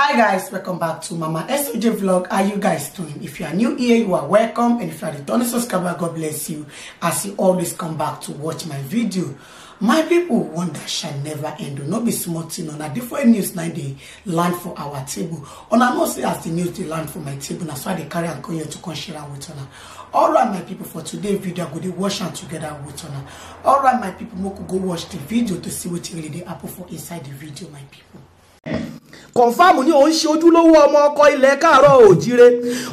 hi guys welcome back to mama soj vlog how you guys doing if you are new here you are welcome and if you are returning subscriber god bless you as you always come back to watch my video my people wonder shall never end no be small thing on a different news now they land for our table una know say as the news they land for my table na so they carry and come here to come share am with una all right my people for today's video go dey wash and together with una all right my people make we go watch the video to see wetin really dey happen for inside the video my people kọ̀ǹfàmù ni òun ṣe ojúlówó ọmọ ọkọ ilẹ̀ káàárọ̀ òjíire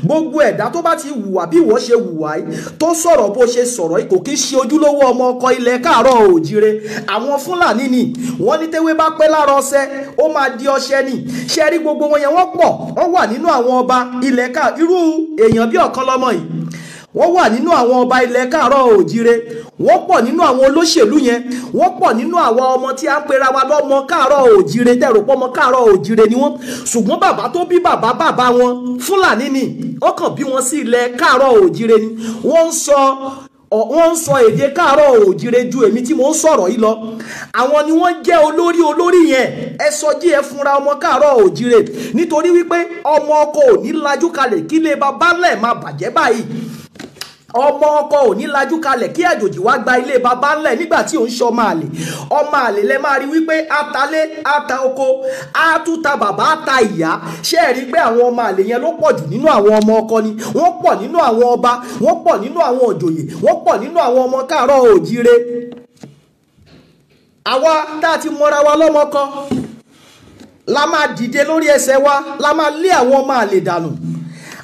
gbogbo ẹ̀dá tó bá ti hùwà bí ìwọ ṣe hùwà yìí tó sọ̀rọ̀ bó ṣe sọ̀rọ̀ yìí kò kí ń ṣe ojúlówó ọmọ ọkọ ilẹ̀ káàárọ̀ òjíire àwọn fúlàní ni wọ́n ní tẹ́wé bá pẹ́ lára ọṣẹ ó máa di ọṣẹ ni ṣe rí gbogbo wọn yẹn wọ́n pọ̀ wọ́n wà nínú àwọn ọba ilẹ̀ ká irú èèyàn bí ọ̀kan lọ́mọ yìí wọ́n wà nínú àwọn ọba ilẹ̀ káàárọ̀ òjíire wọ́n pọ̀ nínú àwọn olóṣèlú yẹn wọ́n pọ̀ nínú àwọn ọmọ tí a ń pera wa lọ́mọ káàárọ̀ òjíire tẹ̀rọ pọ́ káàárọ̀ òjíire ni wọ́n ṣùgbọ́n bàbá tó bí bàbá bàbá wọn fúlàní ni ó kàn bí wọn sí ilẹ̀ káàárọ̀ òjíire ni wọ́n ń sọ wọ́n ń sọ èdè káàárọ̀ òjíire ju èmi tí mò ń sọ̀rọ̀ yìí lọ àwọn ni wọ́n jẹ́ olórí olórí yẹn ẹ sọjí ẹ funra ọmọ káàárọ̀ òjíire nítorí wípé ọmọ ọkọ ò ní lajú kalẹ̀ kílé babalẹ̀ máa bàjẹ́ báyìí ọmọ ọkọ ò ní lajú kalẹ̀ kí àjòjì wá gba ilé baba ńlẹ̀ nígbà tí òun ṣọmọ àlè ọmọ àlè lẹ máa rí wípé atalé ata oko atuta bàbá ata ìyá ṣé ẹ rí pé àwọn ọmọ àlè yẹn ló pọ̀ jù nínú àwọn ọmọ ọkọ ni wọ́n pọ̀ nínú àwọn ọba wọ́n pọ̀ nínú àwọn òjòyè wọ́n pọ̀ nínú àwọn ọmọ káàárọ̀ òjíire àwa tá a ti mọra wa lọ́mọ kan la máa dìde lórí ẹsẹ̀ wa la máa lé àwọn ọmọ àlè dànù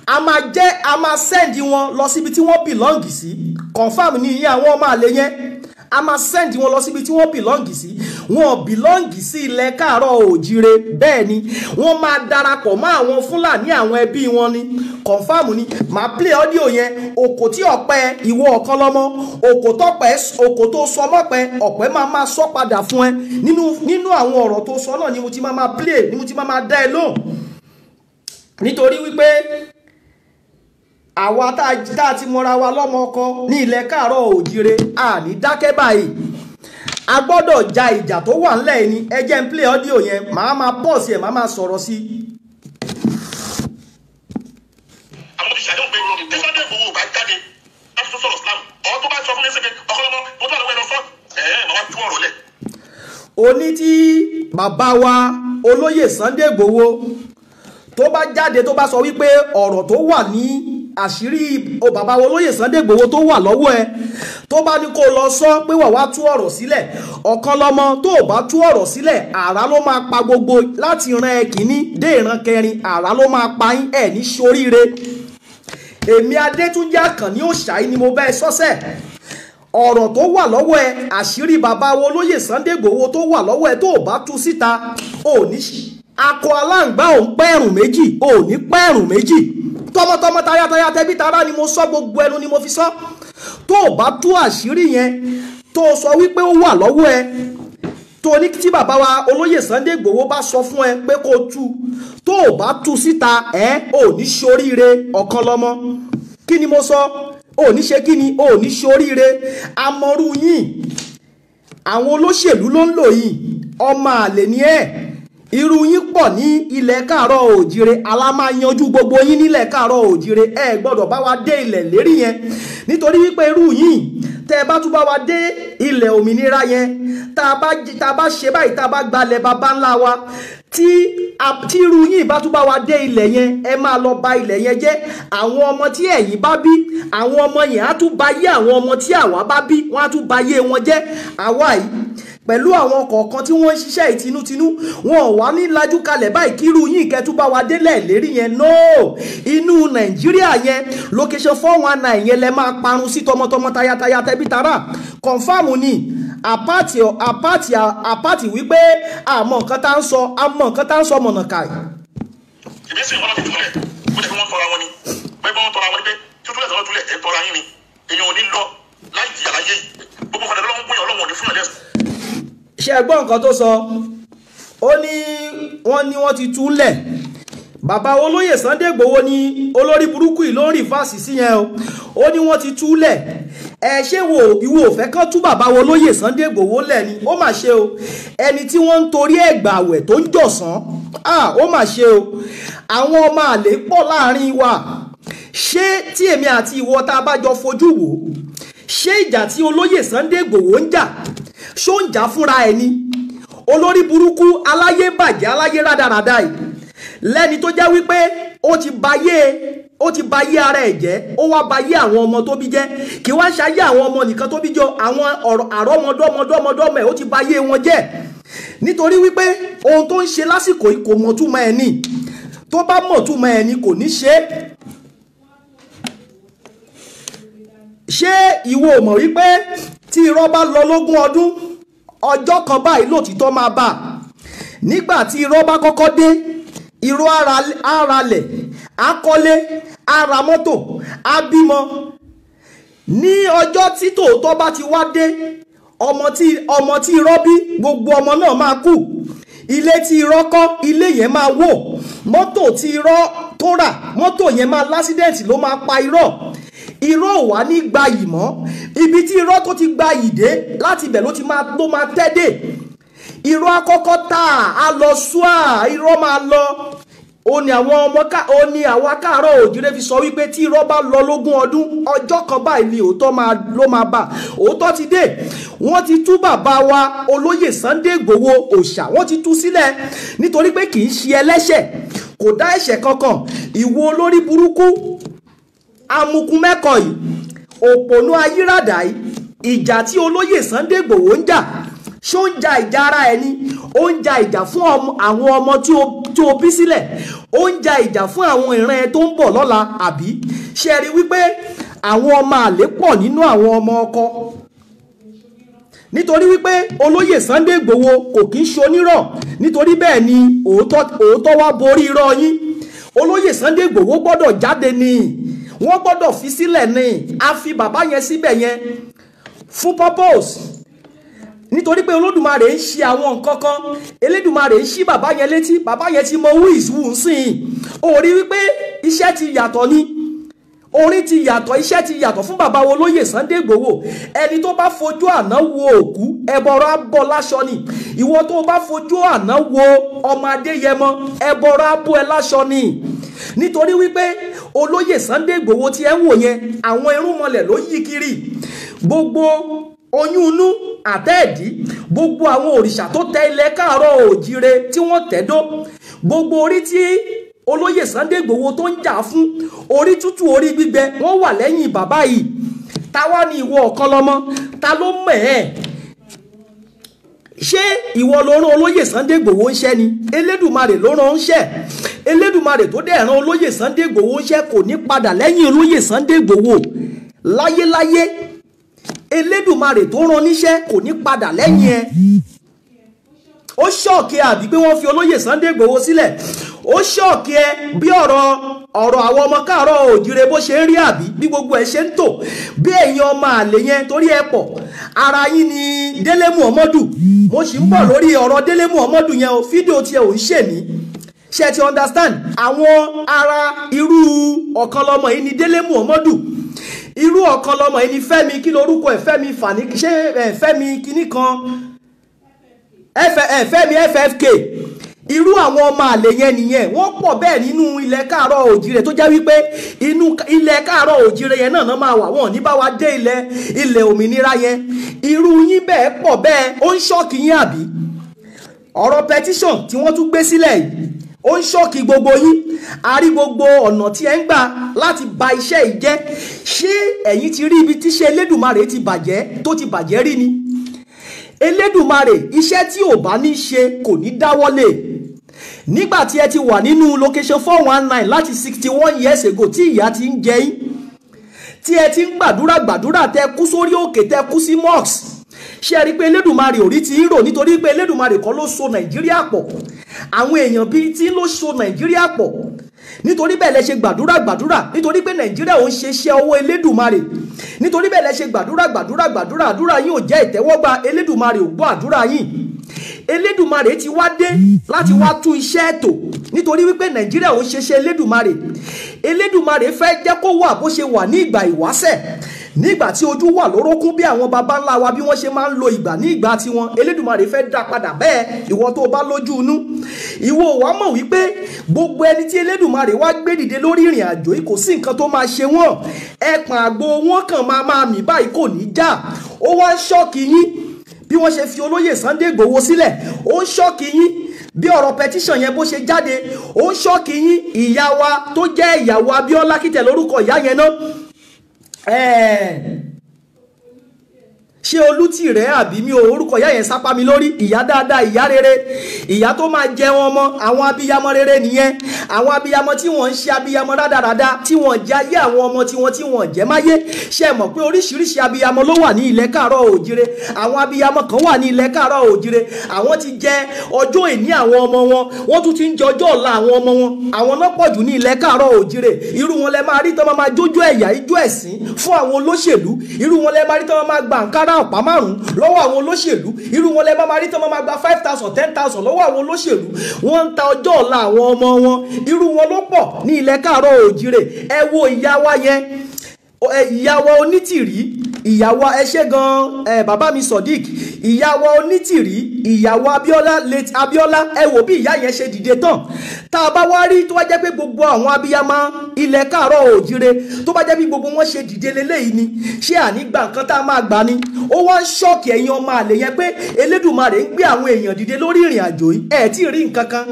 a máa jẹ́ a máa send wọn lọ síbi tí wọ́n belong sí confam ní iye àwọn ọmọ àlè yẹn a máa send wọn lọ síbi tí wọ́n belong sí wọn belong sí ilẹ̀ káàárọ̀ òjire bẹ́ẹ̀ ni wọ́n máa darapọ̀ mọ́ àwọn fúlàní àwọn ẹbí wọn ni confam ni màá play audio yẹn òkò tí ọ̀pẹ ìwọ ọ̀kan lọ́mọ òkò tọ́pẹ́ òkò tó sọ mọ́pẹ́ ọ̀pẹ́ máa máa sọ padà fún ẹ nínú nínú àwọn ọ̀rọ̀ tó sọ náà ni mo ti máa máa play ni mo ti máa máa dá ẹ lóhùn nítorí wípé àwa tá a ti mọra wa lọ́mọ ọkọ ní ilẹ̀ káàárọ̀ òjire àní dákẹ́ báyìí a gbọ́dọ̀ ja ìjà tó wà ńlẹ̀ ni ẹ jẹ́ ń play audio yẹn màá máa pọ̀ sí ẹ̀ màá máa sọ̀rọ̀ sí i. àwọn ìṣàdéhùn pé tí Sunday Igboho bá jáde láti tún sọ̀rọ̀ Islam ọ̀ tó bá sọ fún mi sí pé ọkọlọmọ mo tún àlọ́wọ́ ẹ lọ sọ ẹ̀ẹ́ màá tú ọ̀rọ̀ lẹ̀. oní tí bàbá wa olóyè Sunday Igboho tó bá jáde tó bá sọ wípé ọ̀rọ̀ tó wà ní àṣírí bàbá olóyè Sunday Igboho tó wà lọ́wọ́ ẹ tó bá ní kó lọ sọ pé wà wá tú ọ̀rọ̀ sílẹ̀ ọ̀kan lọ́mọ tó ò bá tú ọ̀rọ̀ sílẹ̀ àrá ló máa pa gbogbo láti ran ẹ kìíní dé ìran kẹrin àrá ló máa pa yín ẹ ní soríire èmi Adétúnjì Àkànní Òṣàyí ni mo bẹ́ẹ̀ sọ́sẹ̀ ọ̀rọ̀ tó wà lọ́wọ́ ẹ àṣírí bàbá olóyè Sunday Igboho tó wà lọ́wọ́ ẹ tó ò bá tú síta ò ní akọ aláǹgbá ò pẹ́ẹ̀rùn méjì ò pẹ́ẹ̀rùn méjì tọmọtọmọ tayátayá tẹbí tará ni mo sọ gbogbo ẹnu ni mo fi sọ tó o bá tú àṣírí yẹn tó o sọ wípé ó wà lọ́wọ́ ẹ tó o ní tí bàbá wa olóyè Sunday Igboho bá sọ fún ẹ pé kó o tú tó o bá tú síta ẹ ò ní ṣoríire ọ̀kan lọ́mọ kí ni mo sọ ò ní ṣe kí ni ò ní ṣoríire amọ̀rú yìí àwọn olóṣèlú ló ń lò yìí ọmọ àlè ni ẹ irú yín pọ̀ ní ilẹ̀ káàárọ̀ òjire alámà yanjú gbogbo yín nílẹ̀ káàárọ̀ òjire ẹ gbọ́dọ̀ bá wa dé ilẹ̀ lérí yẹn nítorí wípé irú yín tẹ́ bá tún bá wa dé ilẹ̀ òmìnira yẹn tá a bá ṣe báyìí tá a bá gbalẹ̀ baba ńlá wa tí irú yín bá tún bá wa dé ilẹ̀ yẹn ẹ máa lọ ba ilẹ̀ yẹn jẹ́ àwọn ọmọ tí ẹ̀yin bá bí àwọn ọmọ yẹn á tún ba yé àwọn ọmọ tí àwa bá bí wọ́n á tún ba yé wọn jẹ́ àwa yìí pẹ̀lú àwọn kọ̀ọ̀kan tí wọ́n ń ṣiṣẹ́ ìtinútinú wọn ò wá ní lajú kalẹ̀ báyìí kírú yín ìkẹtù bá wa délẹ̀ lérí yẹn no inú nàìjíríà yẹn location four one nine yẹn lẹ máa parun sí tọmọtọmọ tayataya tẹbí tará kọ̀nfàmù ni àpáàtì àpáàtì àpáàtì wípé àmọ́ nǹkan tá ń sọ àmọ́ nǹkan tá ń sọ mọ̀nàkà. ìbísí ìwọ́n ti túlẹ̀ bó ti fi wọ́n tọra wọn ni bẹ́ẹ̀ bá wọn tọra wọn ni pé tútúlẹ̀ tọ́lọ́ túlẹ̀ ẹ̀ ṣe gbọ́ nǹkan tó sọ ó ní wọ́n ní wọ́n ti túlẹ̀ bàbá olóyè Sunday Igboho ní olórí burúkú yìí ló ń rí fásì sí yẹn o ó ní wọ́n ti túlẹ̀ ẹ ṣé wo ìwọ òfẹ́ kan tú bàbá olóyè Sunday Igboho lẹ̀ ni ó mà ṣe o ẹni tí wọ́n ń torí ẹ̀gbà àwẹ̀ tó ń jọ̀sán ó mà ṣe o àwọn ọmọ àlè pọ̀ láàrin wa ṣé tí èmi àti ìwọ tá a bá jọ fojú wò ṣé ìjà tí olóyè Sunday Igboho ń jà ṣó ń jà fúnra ẹ̀ ni olórí burúkú aláyé bàjẹ́ aláyé rádaràda yìí lẹ́ni tó jẹ́ wípé ó ti bayé ó ti bayé ara ẹ̀ jẹ́ ó wá bayé àwọn ọmọ tó bí jẹ́ kí wá ṣayé àwọn ọmọ nìkan tó bí jọ àwọn àrọ́mọdọ́mọdọ́mọdọ́mọ ẹ̀ ó ti bayé wọn jẹ́ nítorí wípé ohun tó ń ṣe lásìkò yìí kò mọ̀túmọ̀ ẹ̀ ni tó bá mọ̀túmọ̀ ẹ̀ ni kò ní ṣe é ṣé ìwọ mọ̀ wípé tí irọ́ bá lọ lógún ọdún ọjọ́ kan báyìí lòtítọ́ máa bà nígbà tí irọ́ bá kọ́kọ́ dé irọ́ aralẹ̀ akọ́lé ara mọ́tò abímọ ní ọjọ́ tí tòótọ́ bá ti wá dé ọmọ tí ọmọ tí irọ́ bí gbogbo ọmọ náà máa kú ilé tí irọ́ kọ́ ilé yẹn máa wò mọ́tò tí irọ́ tó rà mọ́tò yẹn máa lásídẹ̀ǹtì ló máa pa irọ́ irọ́ ò wá ní gbayì mọ́ ibi tí irọ́ tó ti gbayì dé láti ibẹ̀ ló ti máa tó máa tẹ́ dé irọ́ akọ́kọ́ tà á lọ ṣúà irọ́ máa lọ ó ní àwọn ọmọ ká ó ní àwọn akáàárọ̀ òjìrè fi sọ wípé tí irọ́ bá lọ lógún ọdún ọjọ́ kan báyìí ni òótọ́ ló máa bà òótọ́ ti dé wọ́n ti tú bàbá wa olóyè Sunday Igboho òòṣà wọ́n ti tú sílẹ̀ nítorí pé kì í ṣe ẹlẹ́ṣẹ̀ kò dá ẹ̀ṣẹ̀ kankan ìwo olórí burúkú amukun mẹ́kọ̀ yìí òpònú ayírádà yìí ìjà tí olóyè Sunday Igboho ń jà ṣó ń ja ìjà ara ẹni ó ń ja ìjà fún àwọn ọmọ tí o bí sílẹ̀ ó ń ja ìjà fún àwọn ìran ẹ tó ń bọ̀ lọ́la àbí ṣe rí wípé àwọn ọmọ àlè pọ̀ nínú àwọn ọmọ ọkọ nítorí wípé olóyè Sunday Igboho kò kí ń ṣonírọ́ nítorí bẹ́ẹ̀ ni òótọ́ wá borí irọ́ yín olóyè Sunday Igboho gbọ́dọ̀ jáde nìyí wọ́n gbọ́dọ̀ fi sílẹ̀ ni a fi bàbá yẹn síbẹ̀ yẹn fún purpose nítorí pé olódùmarè ń ṣe àwọn nǹkan kan elédùmarè ń ṣí bàbá yẹn létí bàbá yẹn ti mọ who is who ń sìn orí wípé iṣẹ́ ti yàtọ̀ ni orí ti yàtọ̀ iṣẹ́ ti yàtọ̀ fún bàbá wo lóyè Sunday Igboho ẹni tó bá fojú àná wo òkú ẹbọrọ abọ láṣọ ni ìwọ tó bá fojú àná wo ọmọ Adéyẹmọ ẹbọrọ abọ ẹ láṣọ ni nítorí wípé olóyè Sunday Igboho tí ẹ ń wò yẹn àwọn irúnmọlẹ̀ ló yí kiri gbogbo oyún inú àtẹ́ẹ̀dí gbogbo àwọn òrìṣà tó tẹ ilẹ̀ káàárọ̀ òjire tí wọ́n tẹ̀dó gbogbo orí tí olóyè Sunday Igboho tó ń jà fún orí tútù orí gbígbẹ wọ́n wà lẹ́yìn bàbá yìí táwa ni ìwọ ọ̀kan lọ́mọ ta ló mọ̀ ẹ́ ṣé ìwọ ló rán olóyè Sunday Igboho ń ṣẹ́ ni Elédùmarè ló rán ń ṣẹ́ Elédùmarè tó dẹ̀ rán olóyè Sunday Igboho ń ṣẹ́ kò ní padà lẹ́yìn olóyè Sunday Igboho láyéláyé Elédùmarè tó rán níṣẹ́ kò ní padà lẹ́yìn ẹ ó ṣọ́ọ̀kì àbí pé wọ́n fi olóyè Sunday Igboho sílẹ̀ ó ṣọ́ọ̀kì ẹ bí ọ̀rọ̀ ọ̀rọ̀ àwọn ọmọ káàárọ̀ òjìrè bó ṣe ń rí àbí bí gbogbo ẹ̀ ṣe ń tò bí èèyàn ọmọ àlè yẹn torí ẹ pọ̀ ara yín ni Délé Muhammadu mo sì ń bọ̀ lórí ọ̀rọ̀ Délé Muhammadu yẹn o fídíò tiẹ̀ ò ń ṣèmí ṣe ti understand àwọn ara irú ọ̀kan lọmọ yìí ni Délé Muhammadu irú ọ̀kan lọmọ yìí ni Fẹ́mi kí lorúkọ ẹ̀ Fẹ́mi fani ṣé Fẹ́mi kinní kan Fẹ́mi FFK irú àwọn ọmọ àlè yẹn nìyẹn wọ́n pọ̀ bẹ́ẹ̀ nínú ilẹ̀ káàárọ̀ òjìrè tó jẹ́ wípé inú ilẹ̀ káàárọ̀ òjìrè yẹn náà máa wà wọ́n ní bá wa dé ilẹ̀ ilẹ̀ òmìnira yẹn irú yín bẹ́ẹ̀ pọ̀ bẹ́ẹ̀ ó ń ṣọ́ọ̀kì yín àbí ọ̀rọ̀ petition tí wọ́n tún gbé sílẹ̀ yìí ó ń ṣọ́ọ̀kì gbogbo yín a rí gbogbo ọ̀nà tí ẹ ń gbà láti ba iṣẹ́ yìí ṣé ẹ̀yin ti rí ibi tíṣẹ́ Elédùmarè ti bàjẹ́ tó ti bàjẹ́ rí ni elédùmarè iṣẹ́ tí ò bá ní ṣe kò ní dáwọ́lé nígbà tí ẹ ti wà nínú location four one nine láti sixty one years ago tí ìyà ti ń jẹ yín tí ẹ ti ń gbàdúrà gbàdúrà tẹ kú sórí òkè tẹ kú sí mosque ṣe rí pé elédùmarè ò rí ti ń rò nítorí pé elédùmarè kan ló so nàìjíríà pọ̀ àwọn èèyàn bíi tí ló so nàìjíríà pọ̀ nítorí bẹ́ẹ̀ lẹ ṣe gbàdúrà gbàdúrà nítorí pé nàìjíríà ò ń ṣe iṣẹ́ ọwọ́ elédùmarè nítorí bẹ́ẹ̀ lẹ ṣe gbàdúrà gbàdúrà gbàdúrà àdúrà yín ò jẹ́ ìtẹ́wọ́gbà elédùmarè ò gbọ́ àdúrà yín elédùmarè ti wá dé láti wá tú iṣẹ́ ètò nítorí wípé nàìjíríà ò ń ṣe iṣẹ́ elédùmarè elédùmarè fẹ́ jẹ́ kó wà bó ṣe wà ní ìgbà ìwáṣẹ̀ nígbà tí ojú wà lórókún bí àwọn baba ńlá wa bí wọ́n ṣe máa ń lo ìgbà ní ìgbà tiwọn elédùnmarè fẹ́ dá padà bẹ́ẹ̀ ìwọ tó bá lójú inú ìwọ wa mọ̀ wípé gbogbo ẹni tí elédùnmarè wá gbé dìde lórí ìrìn àjò yìí kò sí nǹkan tó máa ṣe wọ́n ẹ̀pọ̀n àgbo wọn kàn máa máa mì báyìí kò ní já ó wá ń ṣọ́ọ̀kì yín bí wọ́n ṣe fi olóyè Sunday Igboho sílẹ̀ ó ń ṣọ́ọ̀kì yín bí ọ̀rọ̀ petition yẹn bó ṣe jáde ó ń ṣọ́ọ̀kì yín ìyá wa tó jẹ́ ìyàwó Abíọ́lá kìtẹ̀ lórúkọ ìyá yẹn náà É, ṣé olùtìrẹ àbí mi ò orúkọ ìyá yẹn sápá mi lórí ìyá dáadáa ìyá rere ìyá tó máa jẹ wọn mọ àwọn abiyamọ rere nìyẹn àwọn abiyamọ tí wọ́n ń ṣe abiyamọ rádaràda tí wọ́n jẹ ayé àwọn ọmọ tiwọn tí wọ́n jẹ máyé ṣe mọ̀ pé oríṣiríṣi abiyamọ ló wà ní ilẹ̀ káàárọ̀ òjire àwọn abiyamọ kan wà ní ilẹ̀ káàárọ̀ òjire àwọn ti jẹ ọjọ́ ìní àwọn ọmọ wọn wọ́n tún ti ń jẹ ọjọ́ ọ̀la àwọn ọmọ wọn àwọn náà pọ̀ jù ní ilẹ̀ káàárọ̀ òjire irú wọn lẹ máa rí tọ́ máa jójó ẹ̀yà ijó ẹ̀sìn fún àwọn olóṣèlú irú wọn lẹ máa rí tọ́ máa gbà ń náírà ọ̀pá márùn-ún lọ́wọ́ àwọn olóṣèlú irú wọn lẹ́ẹ̀ máa rí tán máa gba five thousand ten thousand lọ́wọ́ àwọn olóṣèlú wọ́n ń ta ọjọ́ ọ̀la àwọn ọmọ wọn irú wọn ló pọ̀ ní ilẹ̀ káàárọ̀ oòjíire ẹ wo ìyá wa yẹn ìyá wa onítìrí ìyàwó ẹ ṣé gan ẹ bàbá mi Sodiq ìyàwó onítìrí ìyàwó Abíọ́lá late abiola ẹ wò bí ìyá yẹn ṣe dìde tán tá a bá wá rí tó bá jẹ́ pé gbogbo àwọn abiyamọ ilẹ̀ káàárọ̀ òjire tó bá jẹ́ bí gbogbo wọn ṣe dìde leléyìí ni ṣé àní gba nǹkan tá a máa gbà ni ó wá ń ṣọ́ọ̀kì ẹ̀yin ọmọ àlè yẹn pé Elédùmarè ń gbé àwọn èèyàn dìde lórí ìrìn àjò yìí ẹ̀ tí ì rí nǹkan kan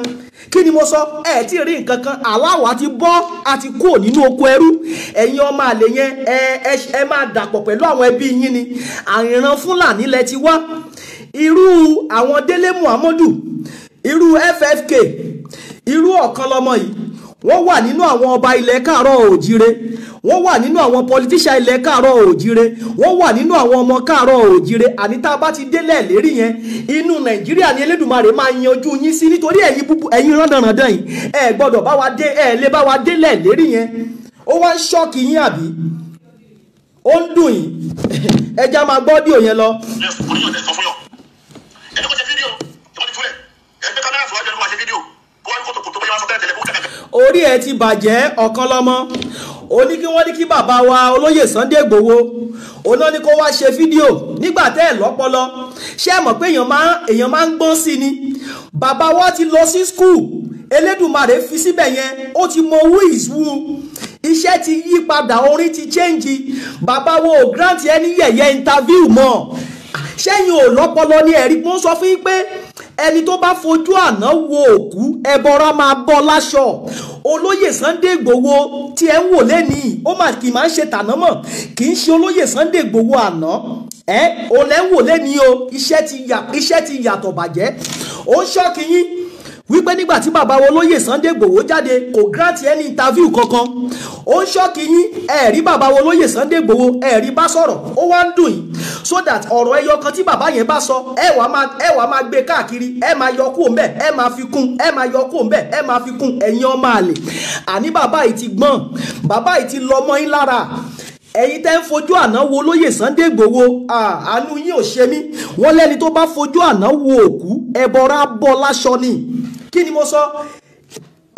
kí ni mo sọ ẹ tí ì rí nǹkan kan aláwọ̀ àti bọ́ àti kúrò nínú oko ẹrú ẹ̀yin ọmọ àlè yẹn ẹ ẹ máa dàpọ̀ pẹ̀lú àwọn ẹbí yín ni àìran fúlàní lẹ ti wá irú àwọn délé muhammadu irú ffk irú ọ̀kan lọmọ yìí wọ́n wà nínú àwọn ọba ilẹ̀ káàárọ̀ òjíire wọ́n wà nínú àwọn pọlitíṣà ilẹ̀ káàárọ̀ òjíire wọ́n wà nínú àwọn ọmọ káàárọ̀ òjíire àní tá a bá ti délẹ̀ lérí yẹn inú nàìjíríà ni elédùnmarè máa yanjú yín sí nítorí ẹ̀yin búbu ẹ̀yin rándanrandan yìí ẹ gbọ́dọ̀ bá wa dé ẹ lè bá wa délẹ̀ lérí yẹn ó wá ń ṣọ́ọ̀kì yín àbí ó ń dùn yín ẹja máa gbọ́ díò yẹn lọ. ẹ orí ẹ ti bàjẹ́ ọ̀kan lọ́mọ ó ní kí wọ́n ní kí bàbá wa olóyè Sunday Igboho òun náà ni kó wá ṣe fídíò nígbà tẹ́ ẹ̀ lọ́pọlọ ṣé ẹ mọ̀ pé èèyàn máa èèyàn máa ń gbọ́n sí ni bàbá wa ti lọ sí skul Elédùmarè fi síbẹ̀ yẹn ó ti mọ who is who iṣẹ́ ti yí padà orin ti change bàbá wo ò grant ẹni yẹ̀yẹ́ interview mọ́ ṣẹ́yìn ò lọ́pọlọ ni ẹ̀rí mo sọ fún yín pé ẹni tó bá fojú àná wo òkú ẹbọra máa bọ́ láṣọ olóyè Sunday Igboho tí ẹ ń wò lẹ́nìí ó mà kì í máa ń ṣe tàná mọ̀ kì í ṣe olóyè Sunday Igboho àná ẹ ò lẹ́ ń wò lẹ́nìí o iṣẹ́ ti yàtọ̀ bàjẹ́ ó ń ṣọ́ọ̀kì yín wípé nígbà tí bàbá wo lóyè Sunday Igboho jáde kò grant any interview kankan ó ń ṣọ́ọ̀kì yín ẹ̀rí bàbá wo lóyè Sunday Igboho ẹ̀rí bá sọ̀rọ̀ ó wá ń dùn yín so that ọ̀rọ̀ ẹyọ kan tí bàbá yẹn bá sọ ẹ wàá máa ẹ wàá máa gbé káàkiri ẹ máa yọ kúrò mbẹ ẹ máa fi kún ẹ máa yọ kúrò mbẹ ẹ máa fi kún ẹ̀yin ọmọ àlè àní bàbá yìí ti gbọ́n bàbá yìí ti lọ́mọ yín lára ẹ̀yin tẹ́ ń fojú àná wo lóyè Sunday Igboho àánú yín ò ṣe mí wọ́n lẹ́ni tó bá fojú àná wo òkú ẹ̀bọ̀ra bọ́ láṣọ ni kí ni mo sọ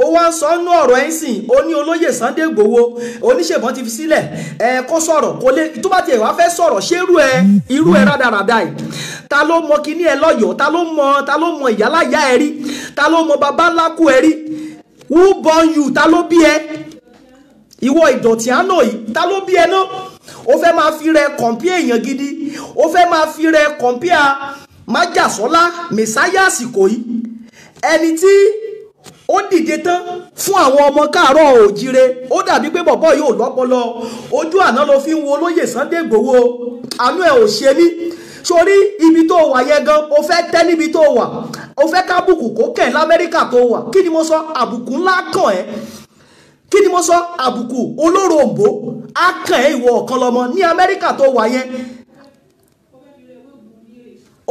ó wá ń sọ nú ọ̀rọ̀ ẹ̀ ń sìn ó ní olóyè Sunday Igboho oníṣègùn ti fi sílẹ̀ ẹ kó sọ̀rọ̀ kó lé tó bá tiẹ̀ wá fẹ́ sọ̀rọ̀ ṣé ẹ irú ẹ rádaràda ẹ ta ló mọ kíní ẹ lọ́yọ̀ọ́ ta ló mọ ta ló mọ ìyálàyá ẹ rí ta ló mọ baba ńlá kú ẹ rí who born you ta ló bí ẹ ìwọ ìdọ̀tí àná yìí ta ló bí ẹ náà ó fẹ́ máa fi rẹ kọ̀ǹpì èèyàn gidi ó fẹ́ máa fi rẹ kọ̀ǹpì à májàsọ́lá mẹ̀sáyà àsìkò yìí ẹni tí ó dìde tán fún àwọn ọmọ káàárọ̀ òjire ó dàbí pé bọ̀bọ̀ yóò lọ́pọlọ ojú àná ló fi ń wo olóyè Sunday Igboho àánú ẹ̀ ò ṣe mí sórí ibi tó wà yẹn gan o fẹ́ tẹ́ níbi tó wà o fẹ́ kábùkù kó kẹ̀ lamẹ́ríkà tó wà kí ni mo sọ àbùkù ńlá kàn ẹ́ kí ni mo sọ àbùkù olóró á kàn ẹ́ ìwọ ọ̀kan lọ́mọ ní amẹ́ríkà tó wà yẹn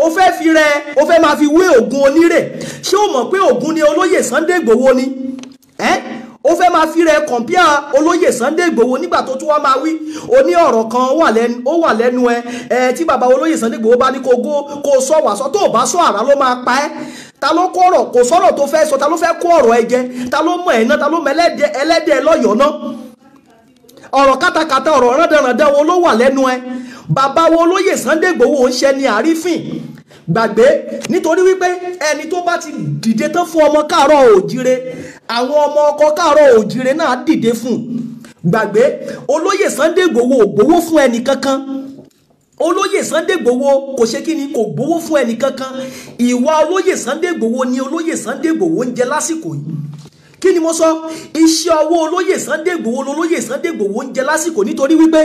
o fẹ́ fi rẹ o fẹ́ máa fi wé Ògún onírè ṣé o mọ̀ pé Ògún ni olóyè Sunday Igboho ni ẹ́ o fẹ́ máa fi rẹ kọ̀m̀pìà olóyè Sunday Igboho nígbà tó tún wá máa wí o ní ọ̀rọ̀ kan ó wà lẹ́nu ẹ ẹ tí bàbá olóyè Sunday Igboho bá ní kó gó kó sọ wàsọ tó o bá sọ àrà ló máa pa ẹ́ ta ló kó ọ̀rọ̀ kò sọ̀rọ̀ tó fẹ́ sọ ta ló fẹ́ kó ọ̀rọ̀ ẹ jẹ ta ló mọ̀ ẹ̀ náà ta ló mọ ẹlẹ́dẹ̀ẹ́ lọ́yọ̀ọ́ náà ọ̀rọ̀ kátàkátà ọ̀rọ̀ rádaràdà wo ló wà lẹ́nu ẹ bàbá wo lóye Sunday Igboho ń ṣe ni àrífín gbàgbé nítorí wípé ẹni tó bá ti dìde tán fún ọmọ káàárọ̀ òjire àwọn ọmọ ọkọ káàárọ̀ òjire náà dìde fún gbàgbé olóyè Sunday Igboho ò gbowó fún ẹnì kankan olóyè Sunday Igboho kò ṣe kí ni kò gbowó fún ẹnì kankan ìwà olóyè Sunday Igboho ni olóyè Sunday Igboho ń jẹ lásìkò yìí kí ni mo sọ iṣẹ́ ọwọ́ olóyè Sunday Igboho lolóyè Sunday Igboho ń jẹ lásìkò nítorí wípé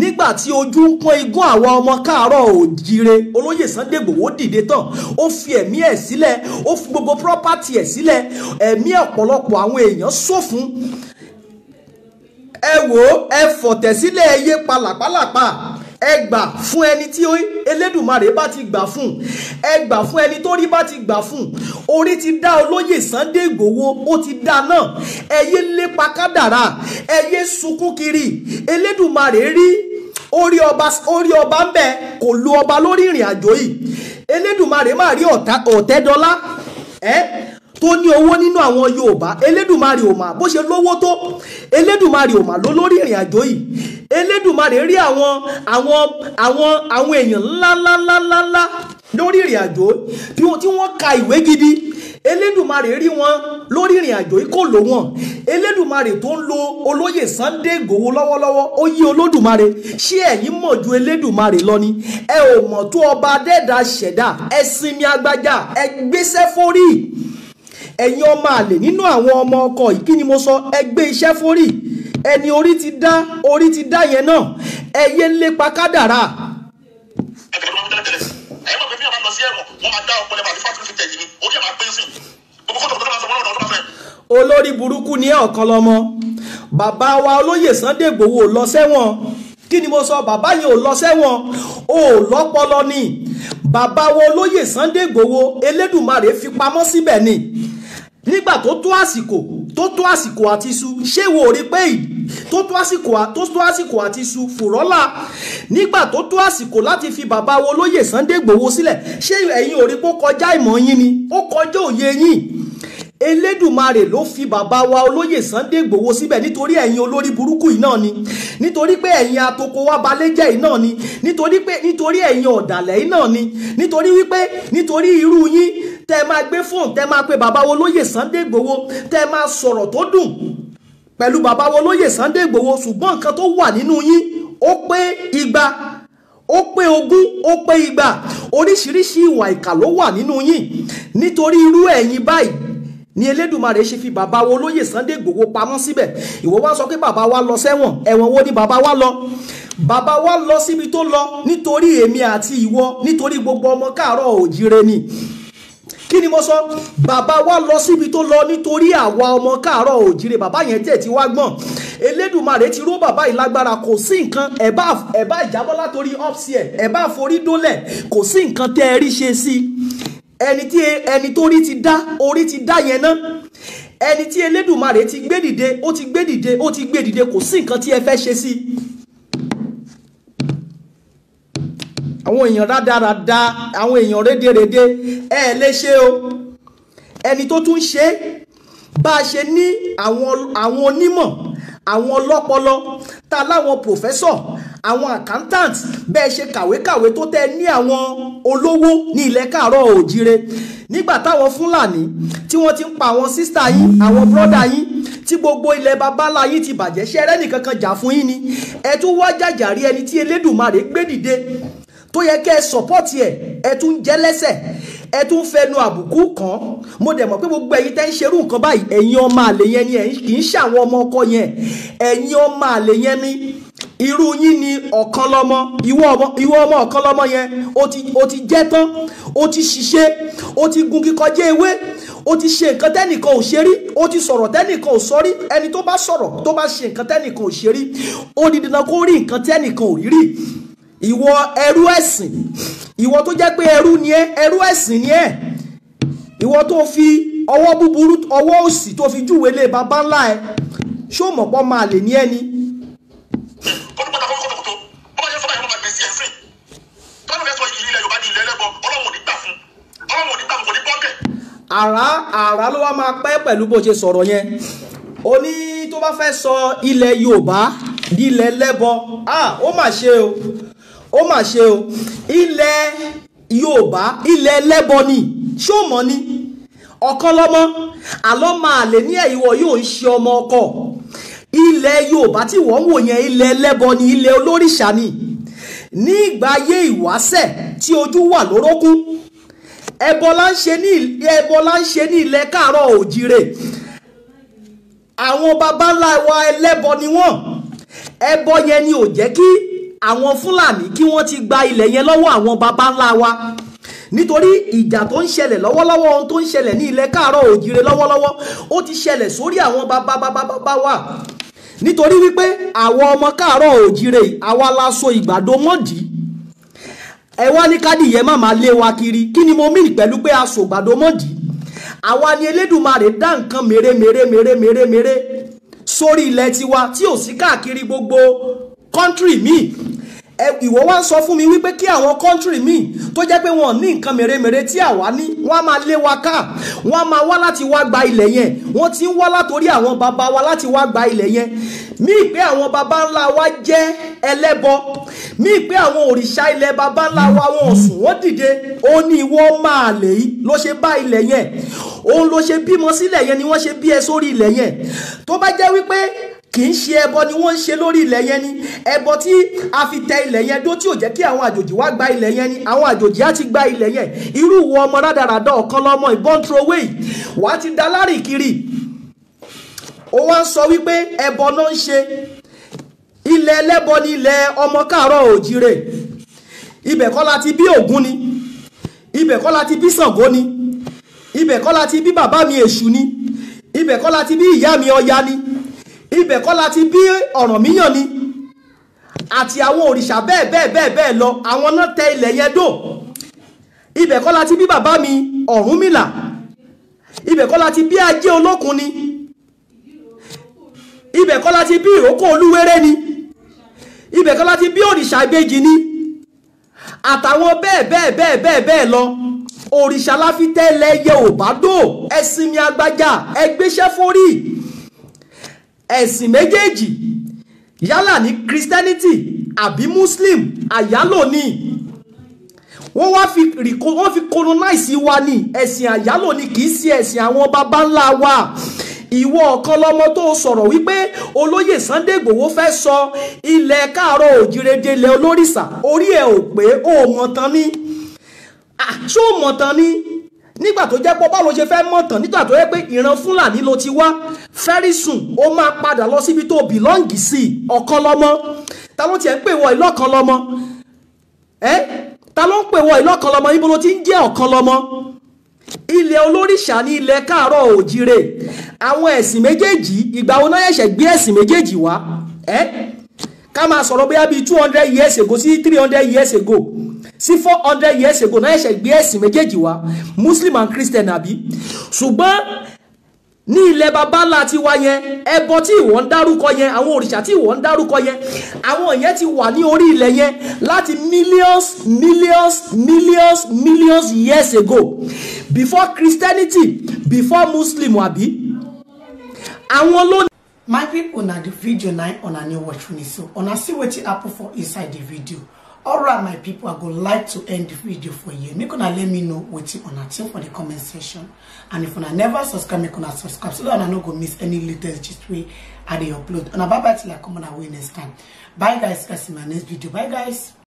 nígbà tí ojú ń pọ́n igún àwọn ọmọ káàárọ̀ òjire olóyè Sunday dìde tán ó fi ẹ̀mí ẹ̀ sílẹ̀ ó fi gbogbo property ẹ̀ sílẹ̀ ẹ̀mí ọ̀pọ̀lọpọ̀ àwọn èèyàn ṣòfún ẹ wò ó ẹ fọ̀tẹ̀ sílẹ̀ ẹ yé palàpálàpà ẹ gbà fún ẹni tí Elédùmarè bá ti gbà fún ẹ gbà fún ẹni tó rí bá ti gbà fún orí ti dá olóyè Sunday Igboho ó ti dá náà ẹ yé lépa kádàrá ẹ yé sunkún kiri Elédùmarè rí orí ọba orí ọba ń bẹ kò lu ọba lórí ìrìn àjò yìí Elédùmarè má rí ọ̀tẹ́dọ́lá ẹ. Eh? tó ní owó nínú àwọn Yorùbá Elédùmarè ò mà bó ṣe lówó tó Elédùmarè ò mà ló lórí ìrìn àjò yìí Elédùmarè rí àwọn àwọn àwọn àwọn èèyàn ńláńláńláńlá lórí ìrìn àjò tí wọ́n ka ìwé gidi Elédùmarè rí wọn lórí ìrìn àjò yìí kò lò wọ́n Elédùmarè tó ń lo olóyè Sunday Igboho lọ́wọ́lọ́wọ́ ó yí Olódùmarè ṣé ẹ̀yin mọ̀ ju Elédùmarè lọ ni ẹ ò mọ̀ tó ọba adẹ́ẹ̀dá ṣẹ̀dá ẹ sinmi agbájá ẹ gbéṣẹ́ fórí ẹ̀yin ọmọ àlè nínú àwọn ọmọ ọkọ yìí ni mo sọ ẹgbẹ́ iṣẹ́ forí ẹni orí ti dá orí ti dá yẹn náà ẹyẹ ń lépa kádàrà. ẹgbẹ̀rún máa ń dá tẹ̀lẹ̀ sí ẹ̀yẹ́ mọ̀ pé bí a máa lọ sí ẹ̀wọ̀n wọ́n máa dá ọpọlọ àti fásitì fi tẹ̀yìn ní orí ẹ̀ máa pín sí gbogbo kótó tó bá sọ wọ́n lọ́dọ̀ tó bá fẹ́. olórí burúkú ni ẹ ọ̀kan lọ́mọ bàbá wa olóyè Sunday Igboho lọ sẹ́wọ̀n kí ni mo sọ bàbá yẹn ò lọ sẹ́wọ̀n ò lọ́pọlọ ni bàbá wa olóyè Sunday Igboho fi pamọ́ síbẹ̀ ni nígbà tó tó àsìkò tó tó àsìkò àti su ṣé wo rí pé tó tó àsìkò tó tó àsìkò àti su fòrọ́là nígbà tó tó àsìkò láti fi bàbá wo lóyè Sunday Igboho sílẹ̀ ṣé ẹ̀yin ò rí pé ó kọjá ìmọ̀ yín ni ó kọjá òye yín elédùmarè ló fi bàbá wa olóyè Sunday Igboho síbẹ̀ nítorí ẹ̀yin olórí burúkú yìí náà ni nítorí pé ẹ̀yin atoko wa balẹ̀jẹ́ yìí náà ni nítorí pé nítorí ẹ̀yin ọ̀dàlẹ̀ yìí náà ni nítorí wípé nítorí irú yín tẹ́ máa gbé fóònù tẹ́ máa pe bàbá wa olóyè Sunday Igboho tẹ́ máa sọ̀rọ̀ tó dùn pẹ̀lú bàbá wa olóyè Sunday Igboho ṣùgbọ́n nǹkan tó wà nínú yín ó pé igba ó pé ogún ó pé igba oríṣiríṣi ìwà ìkà ló wà nínú yín nítorí irú ẹ̀yin báyìí ni Elédùmarè ṣe fi bàbá wo olóyè Sunday Igboho pamọ́ síbẹ̀ ìwọ wá sọ pé bàbá wa lọ sẹ́wọ̀n ẹ̀wọ̀n wo ni bàbá wa lọ bàbá wa lọ síbi tó lọ nítorí èmi àti ìwọ nítorí gbogbo ọmọ káàárọ̀ òjíire ni kí ni mo sọ bàbá wa lọ síbi tó lọ nítorí àwa ọmọ káàárọ̀ òjíire bàbá yẹn tẹ̀ tí wá gbọ́n Elédùmarè ti ró bàbá yìí lágbára kò sí nǹkan ẹ̀bá ẹ̀bá ìjábọ́ látorí ọ́fṣì ẹ̀ ẹ̀bá forí dólẹ̀ kò sí nǹkan tẹ́ ẹ rí ṣe sí i ẹni tí ẹni tó rí ti dá orí ti dá yẹn náà ẹni tí Elédùmarè ti gbé dìde ó ti gbé dìde ó ti gbé dìde kò sí nǹkan tí ẹ fẹ́ ṣe sí àwọn èèyàn rádaràda àwọn èèyàn rédèrèdè ẹ lè ṣe o ẹni tó tún ṣe bá a ṣe ní àwọn onímọ̀ àwọn ọlọ́pọlọ ta láwọn pòfẹ́sọ̀ àwọn accountant bẹ́ẹ̀ ṣe kàwékàwé tó tẹ́ ní àwọn olówó ní ilẹ̀ káàárọ̀ òjíire nígbà táwọn fúlàní tí wọ́n ti ń pa àwọn sísá yín àwọn bọ́dà yín tí gbogbo ilẹ̀ babalá yín ti bàjẹ́ ṣẹ́rẹ́ nìkankan jà fún yín ni ẹ tún wá jàjàrí ẹni tí elédùnmarè gbé dìde tó yẹ kẹ́ ẹ sọ̀pọ́ọ̀tì ẹ̀ ẹ tún jẹ́ lẹ́sẹ̀ ẹ tún fẹnu àbùkù kàn mo dẹ̀ mọ̀ pé gbogbo ẹ̀yin tẹ́ ń ṣerú nǹkan báyìí ẹ̀yin ọmọ àlè yẹn ni kì í ṣàwọn ọmọ ọkọ yẹn ẹ̀yin ọmọ àlè yẹn ni irú yín ni ọ̀kan lọ́mọ ìwọ ọmọ ọ̀kan lọ́mọ yẹn o ti jẹ́ tán o ti ṣiṣẹ́ o ti gun kíkọjá ewé o ti ṣe nǹkan tẹ́nìkan ò ṣe rí o ti sọ̀rọ̀ tẹ́nìkan ò sọ rí ẹni tó bá sọ̀rọ̀ tó bá ṣe nǹkan tẹ́nìkan ò ṣe rí ó di dandan kó rí nǹkan tẹ́nìkan ò rí rí ìwọ ẹrú ẹ̀sìn ìwọ tó jẹ́ pé ẹrú ni ẹ́ ẹrú ẹ̀sìn ni ẹ́ ìwọ tó fi ọwọ́ búburú ọwọ́ òsì tó fi júwèé lé baba ńlá ẹ ṣó mọ̀ pọ́ máa lè ní ẹni. àrá àrá ló wá máa pẹ́ pẹ̀lú bó ṣe sọ̀rọ̀ yẹn ó ní tó bá fẹ́ sọ ilẹ̀ Yorùbá di ilẹ̀ lẹ́bọ ó mà ṣe o ó mà ṣe o ilẹ̀ Yorùbá ilẹ̀ ẹlẹ́bọ ni ṣó mọ̀ ni ọ̀kan lọ́mọ àlọ́ máa lè ní ẹ̀yìnwọ̀ yóò ń ṣe ọmọ ọkọ ilẹ̀ Yorùbá tí wọ́n ń wò yẹn ilẹ̀ ẹlẹ́bọ ni ilẹ̀ olóríṣà ni ní ìgbà ayé ìwáṣẹ̀ tí ojú wà lórókún ẹbọ la ń ṣe ní ilẹ̀ káàárọ̀ òjìrè àwọn baba ẹlẹ́bọ ni wọ́n ẹbọ yẹn ni ò jẹ́ kí àwọn Fúlàní kí wọ́n ti gba ilẹ̀ yẹn lọ́wọ́ àwọn baba ńlá wa nítorí ìjà tó ń ṣẹlẹ̀ lọ́wọ́lọ́wọ́ ohun tó ń ṣẹlẹ̀ ní ilẹ̀ káàárọ̀ òjìrè lọ́wọ́lọ́wọ́ ó ti ṣẹlẹ̀ sórí àwọn baba baba baba wa nítorí wípé àwọn ọmọ káàárọ̀ òjìrè àwa la so ìgbàdo mọ́dì ẹ wá ní kádìyẹ má máa lé wa kiri kí ni mo mí pẹ̀lú pé a so ìgbàdo mọ́dì àwa ni Elédùmarè dá nǹkan mèremèremèremèremère sórí ilẹ̀ tiwa tí ò sí káàkiri gbogbo country míì ìwọ wá ń sọ fún mi wípé kí àwọn country míì tó jẹ́ pé wọ́n ní nǹkan mèremère tí àwa ní wọ́n á máa lé wa ká wọ́n á máa wá láti wá gba ilẹ̀ yẹn wọ́n ti ń wá látòrí àwọn bàbá wa láti wá gba ilẹ̀ yẹn mí pé àwọn bàbá ńlá wa jẹ́ ẹlẹ́bọ mí pé àwọn òrìṣà ilẹ̀ bàbá ńlá wa wọn sùn wọ́n dìde ó ní ìwọ máa lè yí ló ṣe bá ilẹ̀ yẹn òun ló ṣe bímọ sílẹ̀ yẹn ni wọ́n ṣe bí ẹ sórí ilẹ̀ yẹn tó bá jẹ́ wípé kì í ṣe ẹbọ ni wọ́n ń ṣe lórí ilẹ̀ yẹn ni ẹbọ tí a fi tẹ ilẹ̀ yẹn dó tí ò jẹ́ kí àwọn àjòjì wá gba ilẹ̀ yẹn ni àwọn àjòjì á ti gba ilẹ̀ yẹn irú ìwọ ọmọ rádaràdà ọ̀kan lọ́mọ ìbọn trowé wàá ti da lárì kiri ó wá ń sọ wípé ẹbọ náà ń ṣe ilẹ̀ ẹlẹ́bọ ni ilẹ̀ ọmọ káàárọ̀ òjìrè ibẹ̀ kọ́ la ti bí Ògún ni ibẹ̀ kọ́ la ti bí Ṣàngó ni ibẹ̀ kọ́ la ti bí bàbá mi Èṣù ibẹ̀ kọ́ la ti bí Ọ̀rànmíyàn ni àti àwọn òrìṣà bẹ́ẹ̀ bẹ́ẹ̀ bẹ́ẹ̀ bẹ́ẹ̀ lọ àwọn náà tẹ ilẹ̀ yẹn dò ibẹ̀ kọ́ la ti bí bàbá mi Ọ̀rúnmìlà ibẹ̀ kọ́ la ti bí ajé olókun ni ibẹ̀ kọ́ la ti bí ìrókò olúwéré ni ibẹ̀ kọ́ la ti bí òrìṣà ìbejì ni àtàwọn bẹ́ẹ̀ bẹ́ẹ̀ bẹ́ẹ̀ bẹ́ẹ̀ bẹ́ẹ̀ lọ òrìṣà la fi tẹ́lẹ̀ Yorùbá dò ẹ̀sìn mi agbájá ẹgbẹ́sẹ́ forí ẹ̀sìn méjèèjì yálà ní christianity àbí muslim àyálò ni wọ́n wá fi wọ́n fi colonize wa ni ẹ̀sìn àyálò ni kì í ṣe ẹ̀sìn àwọn baba ńlá wa ìwọ ọ̀kan lọ́mọ tó sọ̀rọ̀ wípé olóyè Sunday Igboho fẹ́ sọ ilẹ̀ káàárọ̀ òjìrèdè ilẹ̀ olórìṣà orí ẹ̀ ò pé ó mọ̀tán ni ah, ṣó mọ̀tán ni nígbà tó jẹ́ pé báwo ṣe fẹ́ mọ̀tàn nígbà tó yẹ pé ìran fúlàní ló ti wá very soon ó máa padà lọ síbi tó bìlọ́ǹgì sí ọ̀kan lọ́mọ ta ló tiẹ̀ ń pè wọ ìlọ́kan lọ́mọ ẹ́ ta ló ń pè wọ ìlọ́kan lọ́mọ ibo ló ti ń jẹ́ ọ̀kan lọ́mọ ilẹ̀ olóríṣà ní ilẹ̀ káàárọ̀ òjíire àwọn ẹ̀sìn méjèèjì ìgbà wo náà ẹ̀ṣẹ̀ gbé ẹ̀sìn méjèèjì wá ẹ́ ká máa sọ̀rọ̀ bóyá bíi two hundred years ago sí three hundred years ago sí four hundred years ago náà ẹ̀ṣẹ̀ gbé ẹ̀sìn méjèèjì wá muslim and christian àbí ṣùgbọ́n ní ilẹ̀ babalá ti wá yẹn ẹbọ tí ìwọ ń dárúkọ yẹn àwọn òrìṣà tí ìwọ ń dárúkọ yẹn àwọn yẹn ti wà ní orí ilẹ̀ yẹn láti millions millions millions millions years ago before christianity before muslim àbí àwọn ló. my people na di video na una new watch me so una see wetin happen for inside the video alright my people, i go like to end the video for you. make una let me know wetin una think for the comment section and if una never subscribe make una subscribe so that una no go miss any latest Just wey i the upload una bye bye till i come on away next time bye guys guys in my next video bye guys